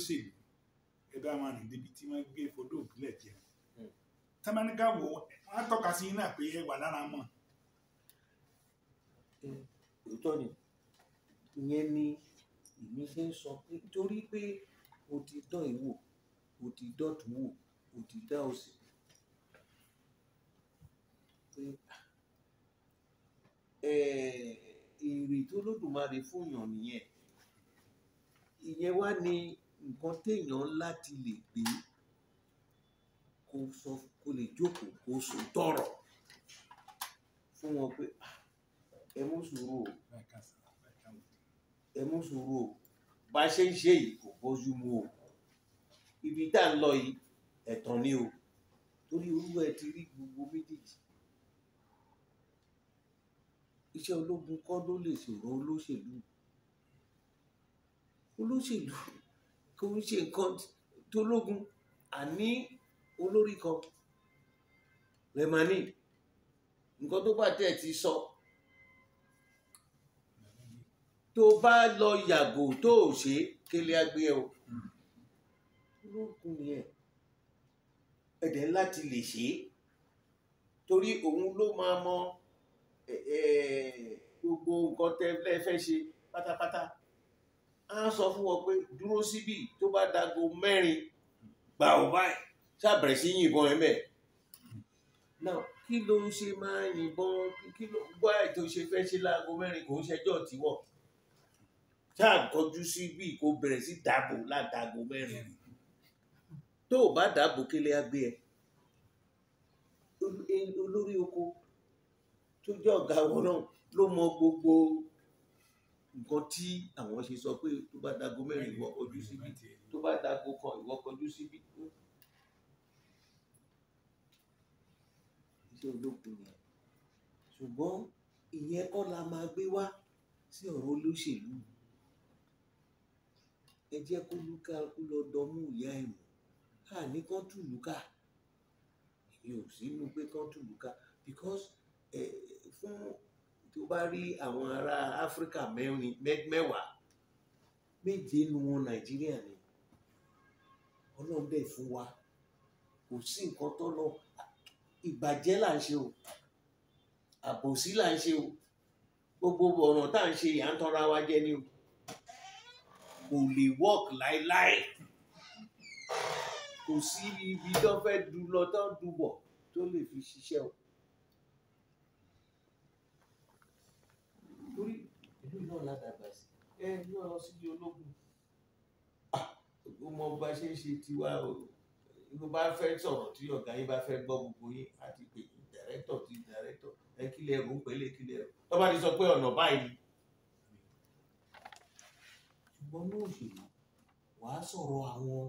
olóṣèlú ẹbí àwọn àrùndébi tí wọ́n gbé fọdọ òbílẹ̀ jẹ tẹmáníkà wò wọn á tọ́ka sí iná pé ẹ wà lára mọ. òótọ́ ni ìyẹn ni èmi ṣe ń sọ pé torí pé o ti dán ìwò o ti dọ̀tún wò o ti dá o sì pé èrè tó lódùmarè fún yàn nìyẹn ìyẹn wá ní nǹkan téèyàn láti lè gbé kó sọ kó lè jókòó kó sọ tọrọ fún wọn pé ah, ẹ mú sùúrù o ẹ mú sùúrù o bá ṣe ń ṣe yìí kò bójú mu o ibi tá ń lọ yìí ẹ̀tàn ni o torí olúwa ẹ ti rí gbogbo méjèèjì iṣẹ́ ológun kọ́ ló lè ṣòro olóṣèlú olóṣèlú kò ń ṣe nǹkan tó lógun àní olórí kan lẹ́mánì nǹkan tó bá tẹ̀ ti sọ tó bá lọ yàgò tó ò ṣe kele agbé ẹ o ológun yẹn ẹ̀dẹ̀ láti lè ṣe torí òun ló máa mọ gbogbo nǹkan tẹ́ fẹ́ ṣe pátápátá á sọ fún wọn pé dúró síbí tó bá dago mẹ́rin gbà ó báyìí ṣàbẹ̀rẹ̀ sí yìnbọn ẹ̀ mẹ́. náà kí ló ń ṣe máa yìnbọn kí ló gbọ́ àìtó ṣe fẹ́ ṣe láago mẹ́rin kò ń ṣẹjọ́ tiwọ̀ ṣáà kọjú sí bí kò bẹ̀rẹ̀ sí dàbò ládàgò mẹ́rin tó o bá dàbò kélé á ẹ olórí oko tó jẹ́ ọ̀gá wọn náà ló mọ gbogbo nǹkan tí àwọn ṣe sọ pé tó bá dago mẹ́rin ìwọ kọjú síbí tó bá dago kan ìwọ kọjú síbí. iṣẹ́ olókùn yẹn ṣùgbọ́n ìyẹn kọ́ la máa gbé wá sí ọ̀rọ̀ olóṣèlú ẹ jẹ́ kó lúkà kó lọ dọmú ìyá ẹ̀ mọ́ a ní kán tù lúkà èmi ò sínú pé kán tù lúkà because eh, fún tó bá rí àwọn ará áfíríkà mẹ́rin mẹ́wàá méje nu wọn nàìjíríà ni ọlọ́run dẹ̀ fún wa kò sí nǹkan tó lọ ìbàjẹ́ là ń ṣe o àbòsí là ń ṣe o gbogbo ọ̀ràn tá à ń ṣe yà ń tọ́ra wa jẹ ni o kò lè work láéláé kò sí ibi tó fẹ́ du lọ tó du tó lè fi ṣiṣẹ́ o. náà dàgbà sí ẹ yóò lọ síbi ológun ọmọ ah, ọba ṣe ń ṣe tiwa o ló bá fẹ́ sọ̀rọ̀ tí ọ̀gá yín bá fẹ́ gbọ́ gbogbo yín àti pé dàrẹ́tọ̀ ti dàrẹ́tọ̀ ẹ kílẹ̀ ẹ̀rù ń pẹ̀lẹ́ kílẹ̀ ẹ̀rù tó bá ti sọ pé ọ̀nà báyìí ṣùgbọ́n ní òṣèlú wàá sọ̀rọ̀ àwọn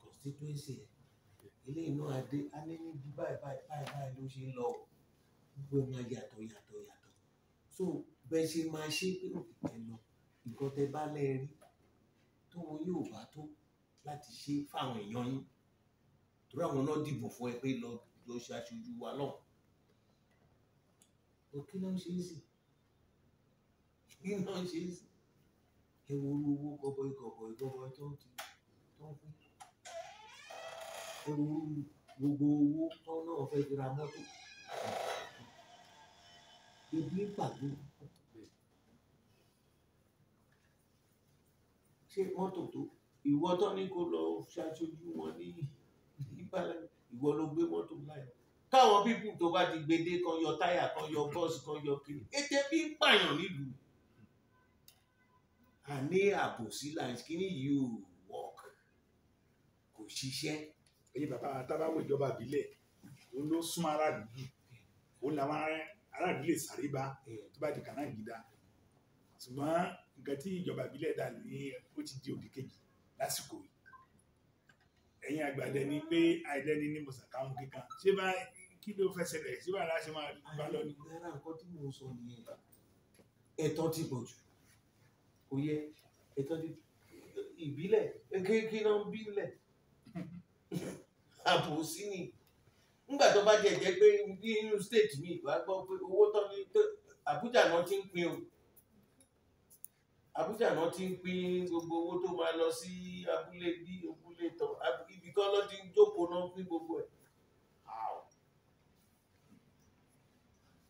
constituency ẹ̀ eléyìí náà adé á ní níbi báyìí báyìí báyìí ló ṣe ń lọ gbogbo ẹ̀ yàtọ̀ yàtọ̀ yàtọ̀ so bẹ́ẹ̀ ṣe máa ṣe pé òkìkẹ́ lọ nǹkan tẹ bá lẹ́ẹ̀rí tóun yóò bá tó láti ṣe fáwọn èèyàn yín torí àwọn náà dìbò fún ẹ pé lọ lọ ṣe aṣojú wa lọ́hùn òkè náà ṣe é sì kí náà ṣe é sì ẹ wo owó gọbọi gọbọi gọbọi tó ń ti tó ń fún ẹ wo gbogbo owó tó náà fẹ́ fi ra mọ́tò ìdí pàdé ṣe mọ́tò tó ìwọ tó ní kó lọ ṣàṣojú wọn ní ìbálẹ̀ ìwọ ló gbé mọ́tò láyọ̀ káwọn pípù tó bá ti gbede kan yọ táyà kan yọ bọ́ọ̀sì kan yọ kiri ètè bí ń pààyàn nílùú àní àbòsí làǹkìní yìí ò wọ́ọ̀k kò ṣiṣẹ́. ẹyin bàbá tábàwọ ìjọba ìbílẹ̀ òun ló sún aráàlú jù òun làwọn aráàlú lè sáré bá tó bá di kànáà gidá ṣùgbọ́n nǹkan tí ìjọba ìbílẹ̀ dà ní ó ti di òdì kejì lásìkò yìí ẹ̀yin àgbàdẹ ni pé àìdẹ́ni ní mọ̀sàkáhùn kíkan ṣé bá kí ló fẹ́ ṣẹlẹ̀ ṣé bá láṣẹ máa rí bá lọ ní. náírà nǹkan tí mo sọ nìyẹn ẹ̀tọ́ ti pọ̀ jù kò yẹ ẹ̀tọ́ ti ìbílẹ̀ kéèké náà ń bílẹ̀ àbòsí ni nígbà tó bá jẹ́ jẹ́ pé nínú state mi ìgbà gbọ́ pé owó tán ní Àbújá náà ti ń pín o. Abuja náà ti ń pín gbogbo owó tó máa lọ sí abúlé bí abúlé tán ibi kan lọ ti ń jókòó náà pín gbogbo ẹ̀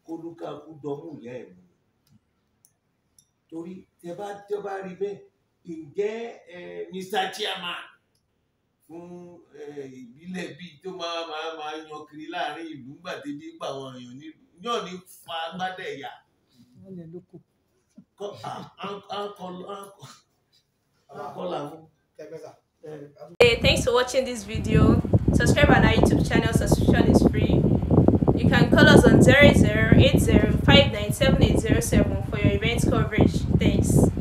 kólúkàkú dọmú ìyá ẹ̀ mú torí tẹ bá tẹ bá rí bẹ́ẹ̀ ǹjẹ́ Mr Chairman fún ìbílẹ̀ bíi tó máa máa máa yan kiri láàrin ìlú gbàdébí pàwọn èèyàn ní yóò ní fa agbádẹ́ ìyá. wọ́n lè lóko. Hey, thanks for watching this video. Subscribe on our YouTube channel, subscription is free. You can call us on 0080 for your event coverage. Thanks.